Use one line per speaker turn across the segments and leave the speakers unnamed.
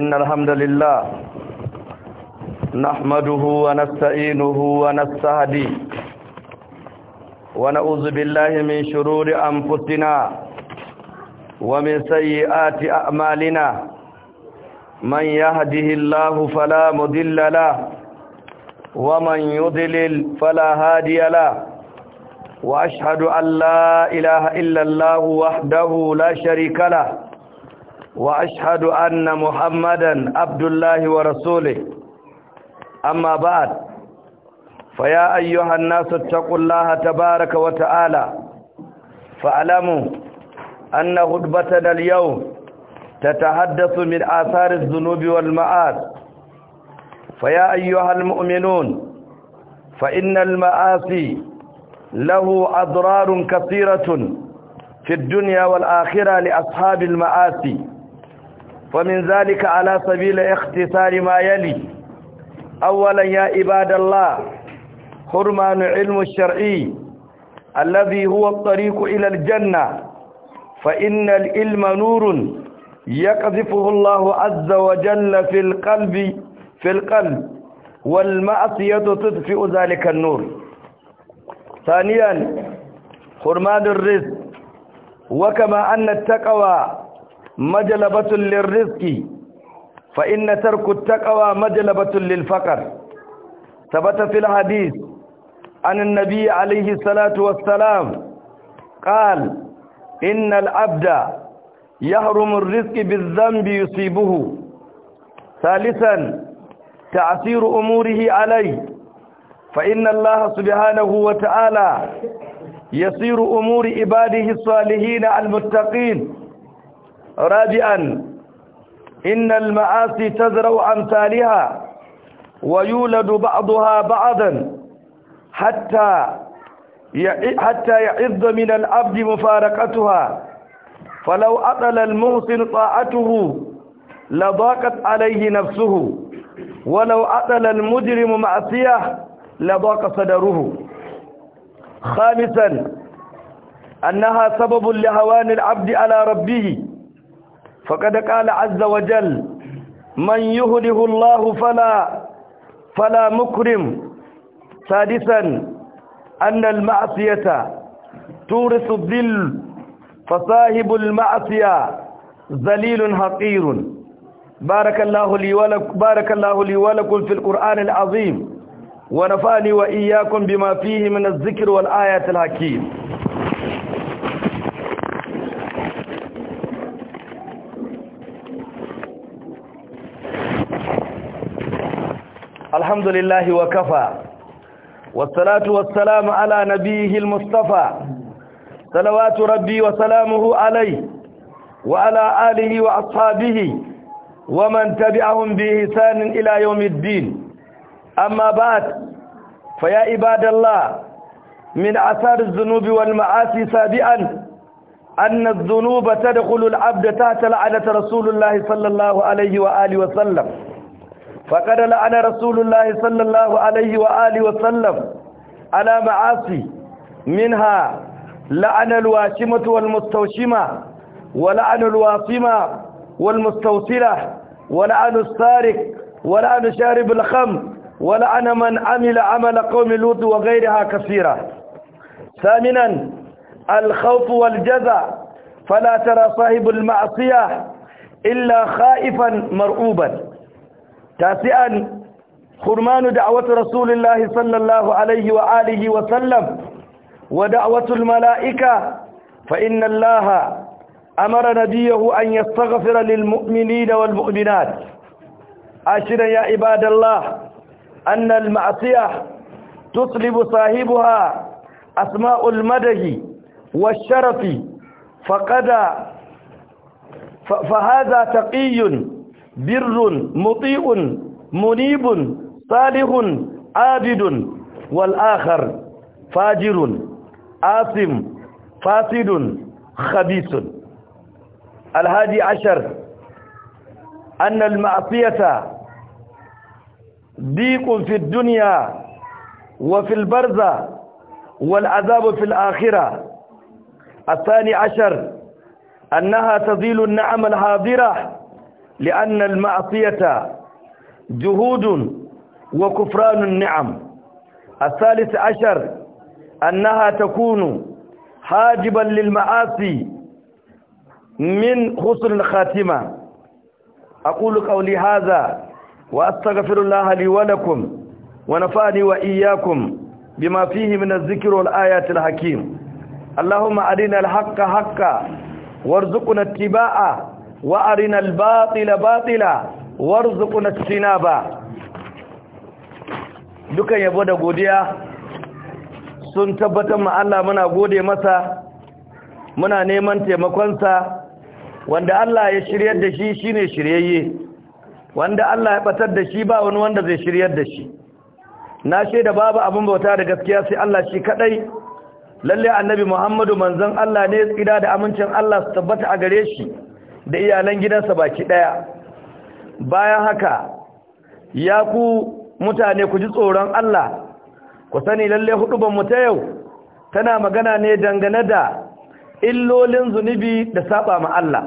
إن الحمد لله نحمده ونستعينه ونستهدي ونعوذ بالله من شرور أنفسنا ومن سيئات أعمالنا من يهده الله فلا مضل له ومن يضلل فلا هادي له وأشهد أن لا إله إلا الله وحده لا شريك له وأشهد أن محمدا عبد الله ورسوله أما بعد فيا أيها الناس اتقوا الله تبارك وتعالى فاعلموا أن خطبتنا اليوم تتحدث من آثار الذنوب والمآث فيا أيها المؤمنون فإن المآسي له أضرار كثيرة في الدنيا والآخرة لأصحاب المآسي ومن ذلك على سبيل اختصار ما يلي أولا يا عباد الله حرمان علم الشرعي الذي هو الطريق إلى الجنة فإن العلم نور يقذفه الله عز وجل في القلب في القلب والمعصية تطفئ ذلك النور ثانيا حرمان الرزق وكما أن التقوى مجلبة للرزق فإن ترك التقوى مجلبة للفقر ثبت في الحديث عن النبي عليه الصلاة والسلام قال إن العبد يهرم الرزق بالذنب يصيبه ثالثا تعسير أموره عليه فإن الله سبحانه وتعالى يسير أمور عباده الصالحين المتقين رابعا إن المعاصي تزرع أمثالها ويولد بعضها بعضا حتى حتى يعظ من العبد مفارقتها فلو أطل المحسن طاعته لضاقت عليه نفسه ولو أطل المجرم معصية لضاق صدره خامسا أنها سبب لهوان العبد على ربه فقد قال عز وجل من يهده الله فلا فلا مكرم سادسا أن المعصية تورث الذل فصاحب المعصية ذليل حقير بارك الله لي ولك بارك الله لي ولكم في القرآن العظيم ونفعني وإياكم بما فيه من الذكر والآيات الحكيم الحمد لله وكفى والصلاة والسلام على نبيه المصطفى صلوات ربي وسلامه عليه وعلى آله وأصحابه ومن تبعهم بإحسان إلى يوم الدين أما بعد فيا عباد الله من أثار الذنوب والمعاصي سابعا أن الذنوب تدخل العبد تحت لعنة رسول الله صلى الله عليه وآله وسلم فقد لعن رسول الله صلى الله عليه وآله وسلم على معاصي منها لعن الواشمة والمستوشمة ولعن الواصمة والمستوصلة ولعن السارق ولعن شارب الخمر ولعن من عمل عمل قوم لوط وغيرها كثيرة ثامنا الخوف والجزع فلا ترى صاحب المعصية إلا خائفا مرعوبا تاسعا خرمان دعوة رسول الله صلى الله عليه وآله وسلم ودعوة الملائكة فإن الله أمر نبيه أن يستغفر للمؤمنين والمؤمنات عاشرا يا عباد الله أن المعصية تطلب صاحبها أسماء المده والشرف فقد فهذا تقي بر مطيع منيب صالح عابد والآخر فاجر آثم فاسد خبيث الهادي عشر أن المعصية ضيق في الدنيا وفي البرزة والعذاب في الآخرة الثاني عشر أنها تزيل النعم الحاضرة لأن المعصية جهود وكفران النعم الثالث عشر أنها تكون حاجبا للمعاصي من خسر الخاتمة أقول قولي هذا وأستغفر الله لي ولكم ونفعني وإياكم بما فيه من الذكر والآيات الحكيم اللهم أرنا الحق حقا وارزقنا اتباعه وارنا الباطل باطلا وارزقنا اجتنابا dukan yabo da godiya sun tabbatar ma Allah muna gode masa muna neman taimakonsa wanda Allah ya shiryar da shi shine shiryayye wanda Allah ya batar da shi ba wani wanda zai shiryar da shi na shaida babu abin bauta da gaskiya sai Allah shi kadai lalle annabi Muhammadu manzon Allah ne tsira da amincin Allah su tabbata a gare shi da iyalan gidansa baki ɗaya. bayan haka ya ku mutane ku ji tsoron Allah ku sani lalle huduban mu ta yau tana magana ne dangane da illolin zunubi da saba ma Allah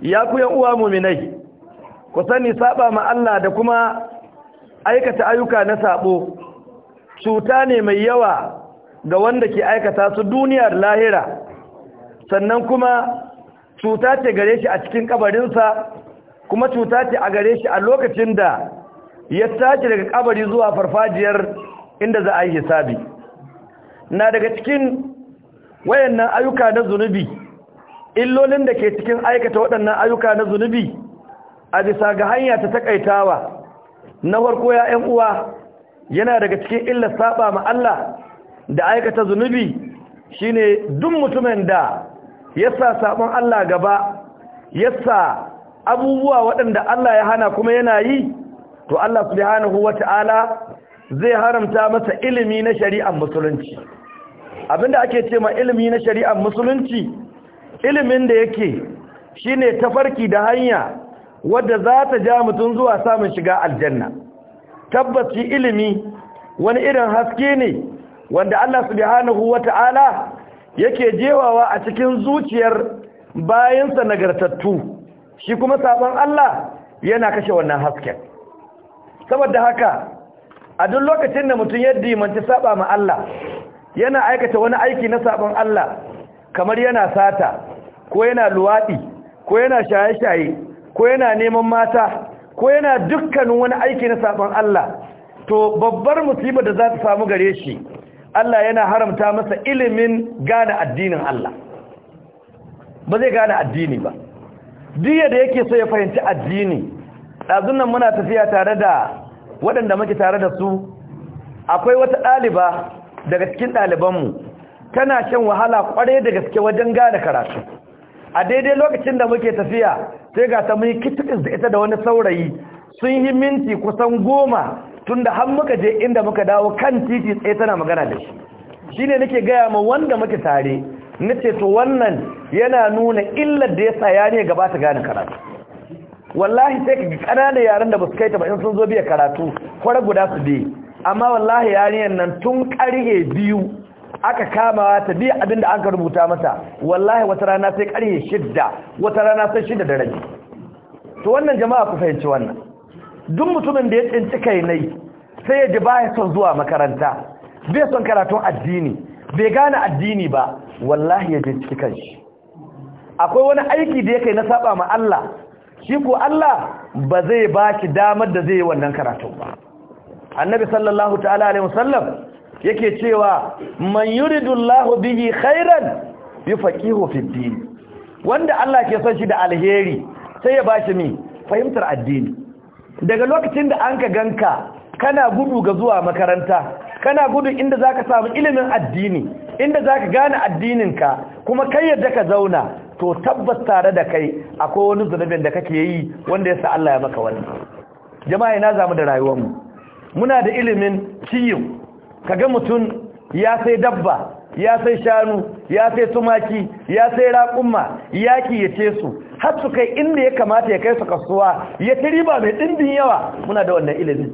ya ku yan uwa mu'minai ku sani saba ma Allah da kuma aikata ayyuka na sabo cuta ne mai yawa ga wanda ke aikata su duniyar lahira sannan kuma cuta ce gare shi a cikin kabarinsa kuma cuta ce a gare shi a lokacin da ya tashi daga kabari zuwa farfajiyar inda za a yi hisabi na daga cikin wayannan ayyuka na zunubi illolin da ke cikin aikata waɗannan ayyuka na zunubi a bisa ga hanya ta takaitawa na farko ya yan uwa yana daga cikin illar saba ma Allah da aikata zunubi shine duk mutumin da yasa sabon Allah gaba yasa abubuwa waɗanda Allah ya hana kuma yana yi to Allah subhanahu wata'ala zai haramta masa ilimi na shari'ar musulunci abinda ake ce ma ilimi na shari'ar musulunci ilimin da yake shine tafarki da hanya wadda za ta ja mutum zuwa samun shiga aljanna tabbaci ilimi wani irin haske ne wanda Allah subhanahu wata'ala yake jewawa a cikin zuciyar bayansa nagartattu shi kuma sabon Allah yana kashe wannan hasken saboda haka a duk lokacin da mutum ya dimanci saba ma Allah yana aikata wani aiki na sabon Allah kamar yana sata ko yana luwaɗi ko yana shaye-shaye ko yana neman mata ko yana dukkanin wani aiki na sabon Allah to babbar musibar da za ta samu gare shi Allah yana haramta masa ilimin gane addinin Allah ba zai gane addini ba diya da yake so ya fahimci addini ɗazun nan muna tafiya tare da waɗanda muke tare da su akwai wata ɗaliba daga cikin ɗalibanmu tana shan wahala ƙwarai da gaske wajen gane karatu a daidai lokacin da muke tafiya sai ga ta mun kitikis da ita da wani saurayi sun yi minti kusan goma tunda har muka je inda muka dawo kan titi tsaye tana magana da shi shine nake gaya ma wanda muke tare nace to wannan yana nuna illar da yasa ya ne gaba ta gane karatu wallahi sai ka kananan yaren da basu kai ta ba in sun zo biya karatu kwara guda su bi amma wallahi yariyan nan tun karye biyu aka kama ta biya abin da an ka rubuta mata wallahi wata rana sai karye shidda wata rana sai shidda da rabi to wannan jama'a ku fahimci wannan duk mutumin da ya tsinci kai nai sai ya ji baya son zuwa makaranta bai son karatun addini bai gane addini ba wallahi ya ji ciki akwai wani aiki da ya kai na saba ma Allah shi ko Allah ba zai ba damar da zai yi wannan karatun ba annabi sallallahu ta'ala alaihi wasallam yake cewa man yuridullahu bihi khairan yufaqihu fi din wanda Allah ke son shi da alheri sai ya bashi mi fahimtar addini daga lokacin da an ka ganka kana gudu ga zuwa makaranta kana gudu inda za ka samu ilimin addini inda za ka gane addininka kuma kai yadda ka zauna to tabbas tare da kai akwai wani zunubin da kake yi wanda ya sa Allah ya maka wani jama'a ina zamu da rayuwarmu muna da ilimin ciyo kaga mutum ya sai dabba ya sai shanu ya sai tumaki ya sai raƙumma yaki ya ce su har su kai inda ya kamata ya kai su kasuwa ya ci riba mai ɗimbin yawa muna da wannan ilimin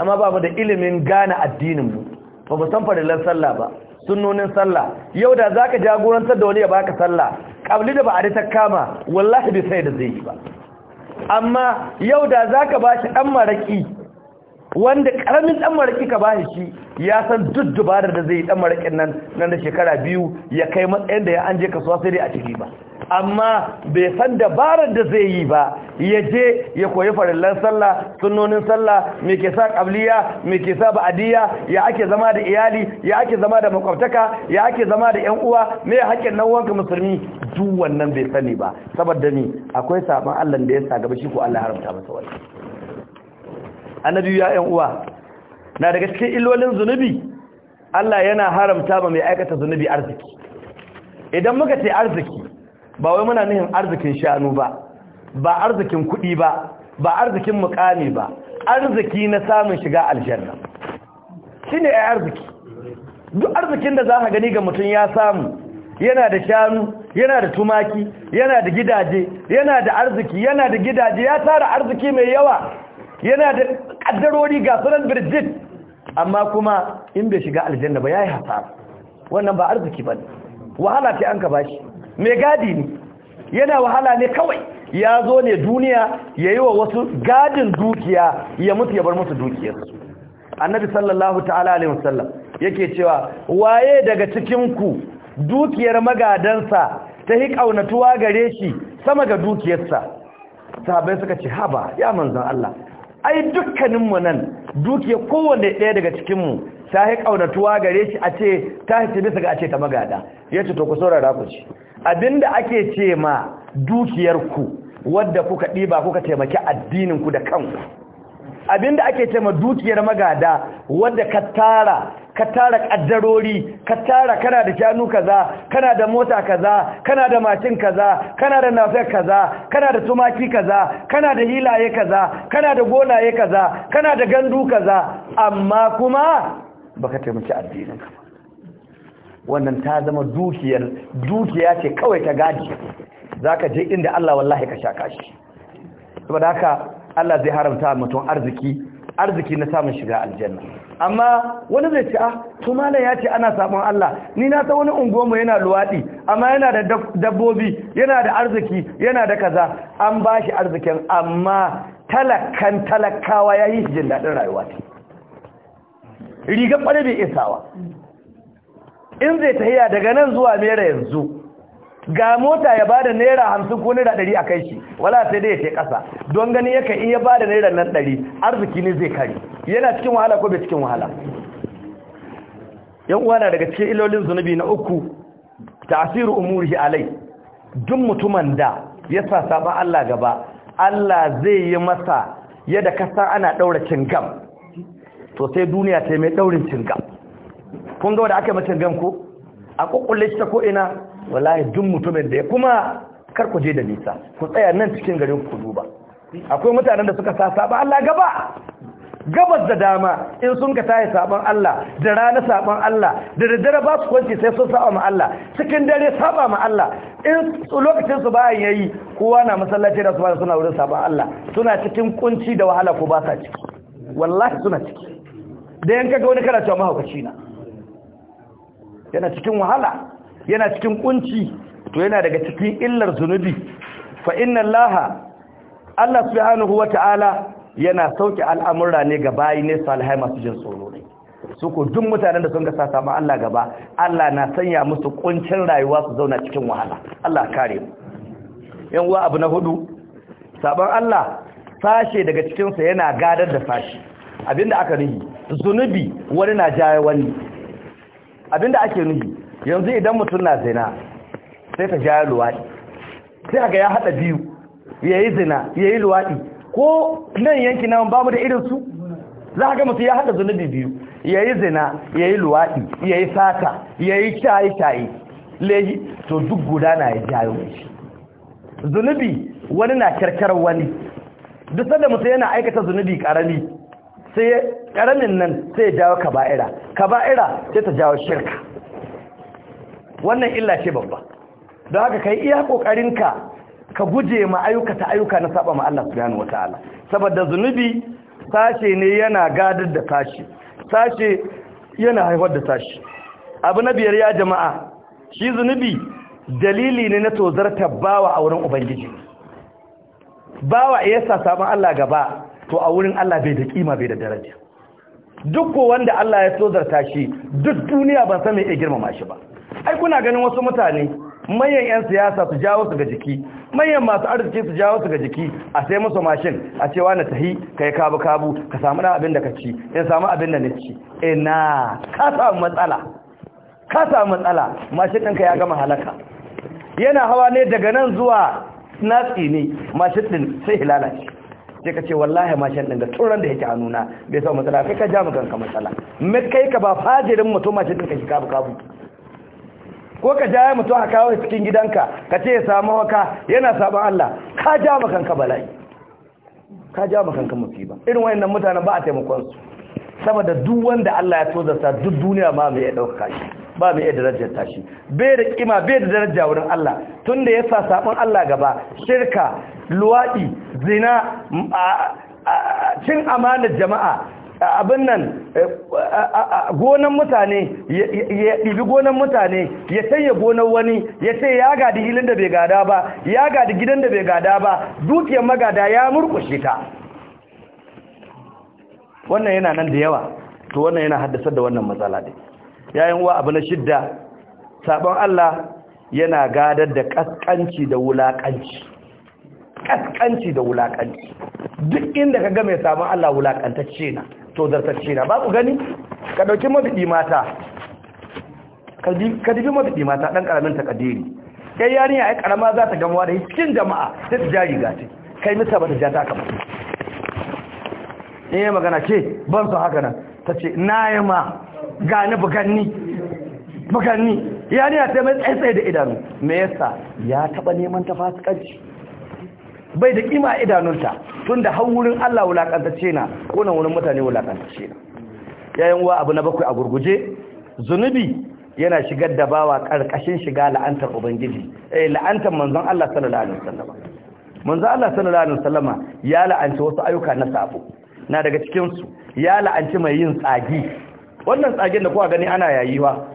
amma ba mu da ilimin gane addininmu ba mu san farilan sallah ba sunnonin sallah yau da zaka jagorantar da wani ya baka sallah kabli da ba'adi ta kama wallahi bai sai da zai yi ba amma yau da zaka shi dan maraki wanda karamin ɗan maraki ka bashi shi ya san duk dubarar da zai yi dan marakin nan nan da shekara biyu ya kai matsayin da ya je kasuwa sai dai a ciki ba amma bai san dabarar da zai yi ba ya je ya koyi farillan sallah sunnonin sallah me ke sa qabliya me ke sa ba'diya ya ake zama da iyali ya ake zama da makwabtaka ya ake zama da ƴan uwa me haƙƙin nan wanka musulmi duk wannan bai sani ba saboda ni akwai saban Allah da ya sa gaba shi ko Allah ya haramta masa wani annabi ya ƴan uwa na daga cikin illolin zunubi Allah yana haramta ba mai aikata zunubi arziki idan muka ce arziki ba wai muna nihin arzikin shanu ba ba arzikin kuɗi ba ba arzikin mukami ba arziki na samun shiga aljanna shine ai arziki duk arzikin da zaka gani ga mutum ya samu yana da shanu yana da tumaki yana da gidaje yana da arziki yana da gidaje ya tara arziki mai yawa yana da kaddarori ga sunan birjit amma kuma in bai shiga aljanna ba yayi hasara wannan ba arziki bane wahala ce an ka bashi mai gadi ne yana wahala ne kawai ya zo ne duniya ya yi wa wasu gadin dukiya ya mutu ya bar musu dukiyarsu annabi sallallahu ta'ala alaihi wasallam yake cewa waye daga cikinku dukiyar magadansa ta hi kaunatuwa gare shi sama ga dukiyarsa sahabbai suka ce haba ya manzon Allah ai dukkaninmu nan dukiyar kowanne ɗaya daga cikinmu ta hi kaunatuwa gare shi a ce ta hi bisa ga a ce ta magada yace to ku saurara ku ci abinda ake ce ma dukiyarku wadda kuka ɗiba kuka taimaki addininku da kanku abinda ake ce ma dukiyar magada wadda ka tara ka tara kaddarori ka tara kana da shanu kaza kana da mota kaza kana da macin kaza kana da nafiyar kaza kana da tumaki kaza kana da hilaye kaza kana da gonaye kaza kana da gandu kaza amma kuma baka taimaki addininka ba wannan ta zama dukiyar dukiya ce kawai ta gadi zaka je inda Allah wallahi ka shaka shi saboda haka Allah zai haramta mutum arziki arziki na samun shiga aljanna amma wani zai ce ah to malam ya ce ana sabon Allah ni na ta wani unguwanmu yana luwaɗi, amma yana da dabbobi yana da arziki yana da kaza an bashi arzikin amma talakan talakawa yayi jin dadin rayuwa Rigar kware bai isawa in zai tahiya daga nan zuwa mera yanzu ga mota ya ba da naira hamsin ko naira ɗari a kai shi wala sai dai ya ce ƙasa don gani yakan iya ba da naira nan ɗari arziki ne zai kare yana cikin wahala ko bai cikin wahala yan uwa na daga cikin ilolin zunubi na uku tasiru umurihi alai duk mutumin da ya sa saba Allah gaba Allah zai yi masa yadda kasa ana ɗaura cingam to sai duniya ta yi mai ɗaurin cingam kun ga wanda aka mace ko a kukkulle shi ta ko wallahi duk mutumin da ya kuma karku je da nisa ku tsaya nan cikin garin ku duba akwai mutanen da suka sa saba Allah gaba gabas da dama in sun ka tayi saban Allah da rana saban Allah da daddare ba su kwanci sai sun saba Allah cikin dare saba ma Allah in lokacin su bayan yayi kowa na masallaci da su ba suna wurin saban Allah suna cikin kunci da wahala ko ba sa ciki wallahi suna ciki da yanka ga wani kana cewa mahaukaci na yana cikin wahala yana cikin kunci to yana daga cikin illar zunubi fa inna allaha Allah subhanahu wata'ala yana sauke al'amura ne ga bayi ne salihai masu jin tsoro ne su ko duk mutanen da sun ga sasa ma Allah gaba Allah na sanya musu kuncin rayuwa su zauna cikin wahala Allah kare mu yan uwa abu na hudu sabon Allah sashe daga cikin sa yana gadar da sashi abinda aka nuhi, zunubi wani na jaye wani abinda ake nufi, yanzu idan mutum na zina sai ta ja luwaɗi sai haka ya haɗa biyu ya zina ya yi luwaɗi ko nan yanki nan ba mu da su, za ka ga mutum ya haɗa zunubi biyu yayi zina yayi yi luwaɗi ya yi sata ya shaye-shaye lehi to duk guda na ya jayo shi zunubi wani na kyarkyar wani duk sanda mutum yana aikata zunubi ƙarami sai karamin nan sai jawo kaba'ira kaba'ira sai ta jawo shirka wannan illa ce babba don haka kai iya kokarinka ka guje ma ta ayyuka na saba ma Allah subhanahu wataala saboda zunubi sashe ne yana gadar da sashe sashe yana haifar da sashe abu na biyar ya jama'a shi zunubi dalili ne na tozartar bawa a wurin ubangiji bawa iya sa saban Allah gaba to a wurin Allah bai da kima bai da daraja duk ko wanda Allah ya sozarta shi duk duniya ban san me ya girmama shi ba ai kuna ganin wasu mutane manyan 'yan siyasa su jawo su ga jiki manyan masu arziki su jawo su ga jiki a sai musu mashin a cewa na tahi ka yi kabu-kabu ka samu na abin da ka ci in samu abin da na ci ina ka samu matsala ka samu matsala mashin ɗinka ya gama halaka yana hawa ne daga nan zuwa natsi ne mashin ɗin sai shi. sai ka ce wallahi mashin ɗin da turan da yake hannuna bai samu matsala kai ka ja mu kanka matsala me kai ka ba fajirin mutum mashin ɗin ka shi kabu kabu ko ka ja mutum a kawo cikin gidanka ka ce ya samu haka yana sabon Allah ka ja mu kanka bala'i ka ja mu kanka musiba irin wayannan mutanen ba a taimakon su saboda duk wanda Allah ya sa duk duniya ma mai ya dauka shi ba mai ya darajar tashi bai da kima bai da daraja wurin Allah tunda ya sa sabon Allah gaba shirka luwaɗi zina cin amana jama'a abin nan gonan mutane ya ɗibi gonan mutane ya sanya gonan wani ya ce ya gadi hilin da bai gada ba ya gadi gidan da bai gada ba dukiyar magada ya murkushe ta wannan yana nan da yawa to wannan yana haddasar da wannan matsala ne yayin wa abu na shidda sabon Allah yana gadar da ƙasƙanci da wulaƙanci. kaskanci da wulakanci duk inda ka ga mai samun Allah wulakantacce na to zartacce na ba ku gani ka dauki mafiɗi mata ka dubi mafiɗi mata ɗan ƙaramin takadiri kai yarinya ai karama za ta gamuwa da cikin jama'a sai ta jari gati kai mita ba ta ja ta kama ne eh, magana ce ban su haka nan ta ce na yi ma gani buganni buganni yari ta mai tsaye da idanu me yasa ya taɓa neman ta fasikanci bai da kima a idanunta tun da har wurin Allah wulaƙantacce na wannan wurin mutane wulaƙantacce na yayin wa abu na bakwai a gurguje zunubi yana shigar da bawa ƙarƙashin shiga la'antar ubangiji eh la'antar manzon Allah sallallahu alaihi wasallam manzon Allah sallallahu alaihi wasallam ya la'anci wasu ayyuka na sabo na daga cikin su ya la'anci mai yin tsagi wannan tsagen da kowa gani ana yayiwa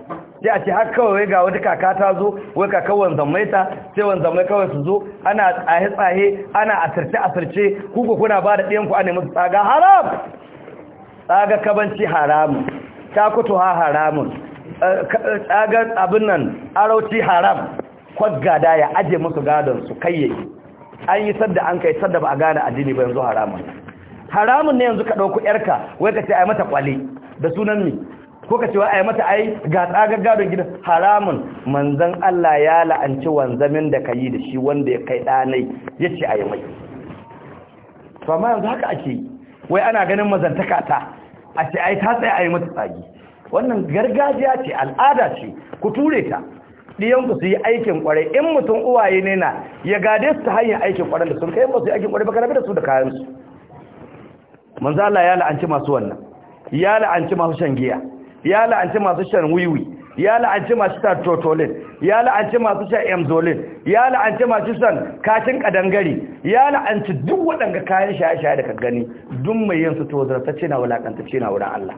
sai a ce har kawai ga wata kaka ta zo wai kaka wanzan ta sai wanzan mai kawai su zo ana tsaye-tsaye ana asirce asirce kuku kuna ba da ɗiyanku a nemi tsaga haram tsaga kabanci haramun takutu ha haramun eh, eh, tsaga abin nan arauci haram da ya aje musu gadon su kayyayi an yi sadda an kai sadda ba a gane addini ba yanzu haramun haramun ne yanzu ka ɗauku yarka wai ka ce a mata kwale da sunan mi ko ka cewa ai mata ai ga tsagar gadon gidan haramun manzon Allah ya la'anci wanzamin da yi da shi wanda ya kai danai yace ai mai to amma yanzu haka ake wai ana ganin mazantaka ta a ce ai ta tsaya ai mata tsagi wannan gargajiya ce al'ada ce ku ture ta ku su yi aikin kwarai in mutum uwaye ne na ya gade su ta hanyar aikin kwarai da sun kai ba su yi aikin kwarai ba ka rabe da su da kayan su manzo Allah ya la'anci masu wannan ya la'anci masu shan giya ya la'anci masu shan wiwi ya la'anci masu shan totolin ya la'anci masu shan emzolin ya la'anci masu shan kacin kadangare ya la'anci duk waɗanda kayan shaye-shaye da ka gani duk mai yin su to zartacce na wulakantacce wurin Allah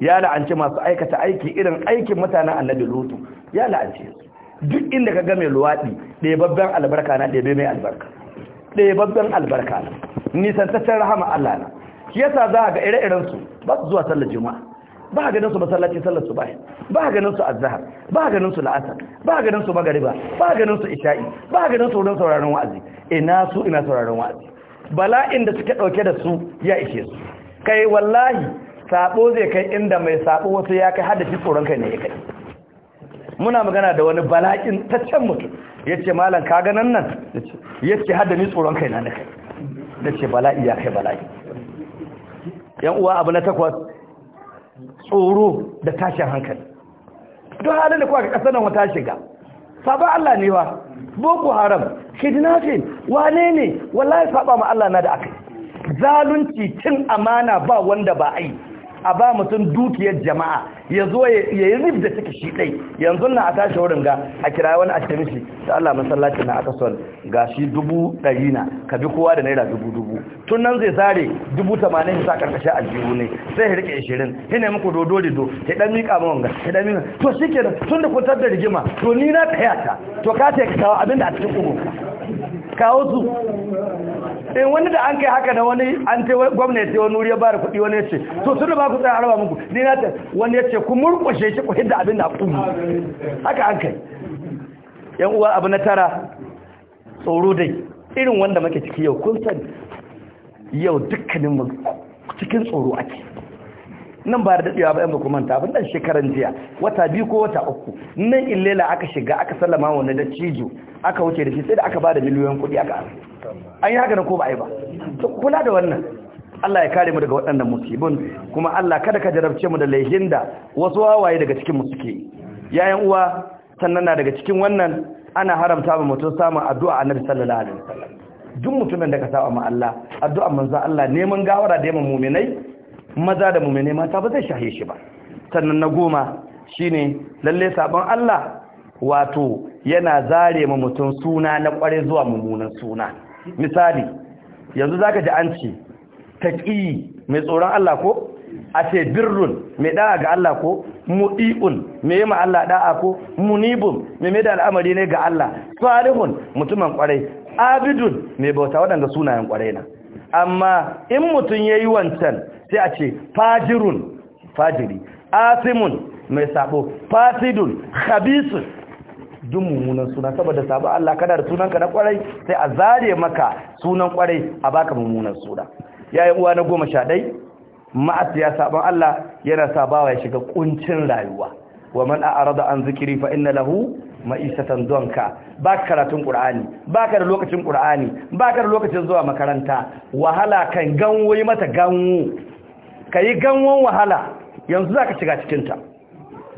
ya la'anci masu aikata aiki irin aikin mutanen annabi lutu ya la'anci duk inda ka game luwaɗi luwaɗi ɗebabben albarka na ɗebe mai albarka ɗebabben albarka na nisantaccen rahama Allah na shi yasa za a ga ire-irensu ba su zuwa sallar juma'a ba ganin su masallacin sallar subahi ba ganin su azhar ba ganin su la'asar ba ganin su magariba ba ganin su isha'i ba ganin su wurin sauraron wa'azi ina su ina sauraron wa'azi bala'in da suke dauke da su ya ishe su kai wallahi sabo zai kai inda mai sabo wasu ya kai haddace tsoron kai ne ya kai muna magana da wani bala'in ta can mutum yace malam ka ganan nan yace haddani tsoron kai na ne kai dace bala'i ya kai bala'i yan uwa abu na takwas tsoro da tashin hankali Don halin da kuwa ga ƙasar nan wata shiga saba Allah ne wa boko haram kidnapping wane ne wallahi saba ma Allah na da yi. zalunci cin amana ba wanda ba a yi a ba mutum dukiyar jama'a ya zo ya yi rif da suke shi ɗai yanzu na a tashi wurin ga a kira wani a shi ta Allah masallaci na aka son ga shi dubu ɗari na ka bi kowa da naira dubu dubu tun nan zai zare dubu tamanin sa karkashin aljihu ne sai ya rike ishirin shi ne muku dodo do ta ɗan miƙa ma wanga ta ɗan miƙa to shi ke tun da kuntar da rigima to ni na taya ta to ka ta kawo abin da a cikin ƙugunka kawo su in eh, wani da an kai haka da wani an ce gwamnati wani wuri ya bada kuɗi wani ce to suna ba ku tsaya harba muku ni na ta wani ya ce ku murƙushe shi ku hidda abin da kuma haka an kai yan uwa abu na tara tsoro dai irin wanda muke ciki yau kun san yau dukkanin mu cikin tsoro ake nan ba da daɗewa ba yan baku manta abin ɗan shekaran jiya wata biyu ko wata uku nan illela aka shiga aka sallama wani da cijo aka wuce da shi sai da aka ba da miliyoyin kuɗi aka arziki an yi haka ko ba a yi ba kula da wannan Allah ya kare mu daga waɗannan musibin kuma Allah kada ka jarabce mu da laihin da wasu wawaye daga cikin mu suke yayan uwa sannan na daga cikin wannan ana haramta wa mutum samun addu'a annabi sallallahu alaihi wasallam duk mutumin da ka saba ma Allah addu'a manzan Allah neman gawara da yamma mu'minai maza da mu'minai mata ba zai shahe shi ba sannan na goma shine lalle sabon Allah wato yana zare mu mutum suna na kware zuwa mummunan suna misali yanzu zaka ji an ce taqi mai tsoron Allah ko a ce birrun mai ɗa'a ga Allah ko mu'i'un mai ma Allah da'a ko munibun mai mai da al'amari ne ga Allah salihun mutumin kwarai abidun mai bauta waɗanda sunayen kwarai na amma in mutum ya yi wancan sai a ce fajirun fajiri asimun mai sabo fasidun khabisun duk mummunan suna saboda sabon Allah kana da sunanka na kwarai sai a zare maka sunan kwarai a baka mummunan suna yayin uwa na goma sha ɗai ma'asiya sabon Allah yana sabawa bawa ya shiga kuncin rayuwa wa man a'rada an zikiri fa inna lahu ma'isatan donka ba karatun qur'ani ba ka da lokacin qur'ani ba ka da lokacin zuwa makaranta wahala kan ganwoyi mata ganwo yi ganwon wahala yanzu zaka shiga cikin ta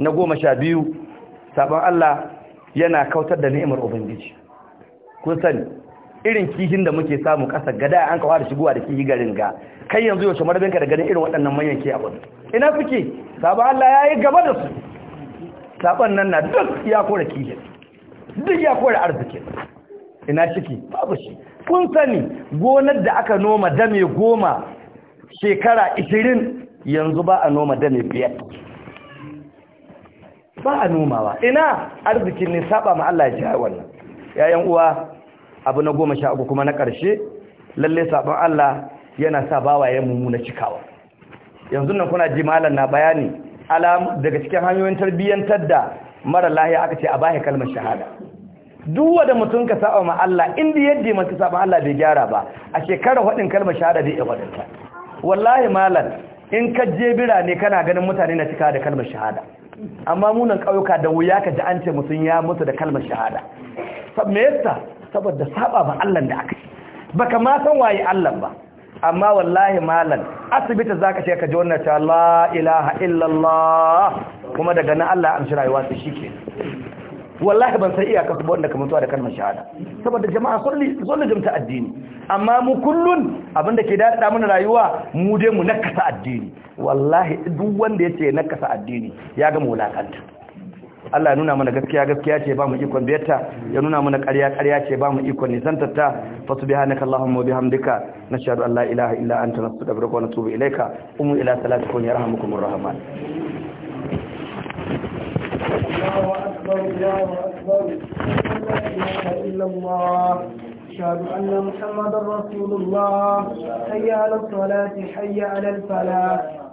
na goma sha biyu sabon Allah yana kautar da ni'imar ubangiji kun sani irin kihin da muke samu kasar gada an kawo da shigowa da kihi garin ga kai yanzu yaushe binka da ganin irin waɗannan manyan ke abu ina suke sabon Allah ya yi gaba da su saban nan na duk ya kore kihin duk ya kore arzikin ina ciki babu shi kun sani gonar da aka noma dame goma shekara 20 yanzu ba a noma dame biyar ba a nomawa ina arzikin ne saba ma Allah ya ji wannan yayan uwa abu na goma sha uku kuma na ƙarshe lalle saban Allah yana sa bawayen mu na cikawa yanzu nan kuna ji malam na bayani alam daga cikin hanyoyin tarbiyyantar da mara lahiya aka ce a bahi kalmar shahada duk wanda mutum ka saba ma Allah inda yadda mutum saba Allah bai gyara ba a shekarar hudin kalmar shahada bai ibadanta wallahi malam in ka je birane kana ganin mutane na cika da kalmar shahada amma munan ƙauyuka da wuya ka ji an ce mutum ya mutu da kalmar shahada me yasa saboda saba ba Allah da aka baka ma san waye Allah ba amma wallahi malam, asibiti zaka ce ka ji wannan ta la ilaha illallah kuma daga nan Allah ya amshi rayuwa ta shike wallahi ban san iyaka su wanda kamar zuwa da kalmar shahada saboda jama'a sun ta addini amma mu kullun abinda ke daɗa mana rayuwa mu dai mu nakasa addini wallahi duk wanda ya nakasa addini ya ga mulakanta Allah ya nuna mana gaskiya gaskiya ce ba mu ikon biyarta ya nuna mana ƙarya ƙarya ce ba mu ikon nisantarta fa subhanaka allahumma wa bihamdika nashhadu an la ilaha illa anta nastaghfiruka wa natubu ilayka ummu ila salatikum yarhamukumur rahman الله أكبر الله أكبر لا إله إلا الله أشهد أن محمدا رسول الله حي على الصلاة حي على الفلاح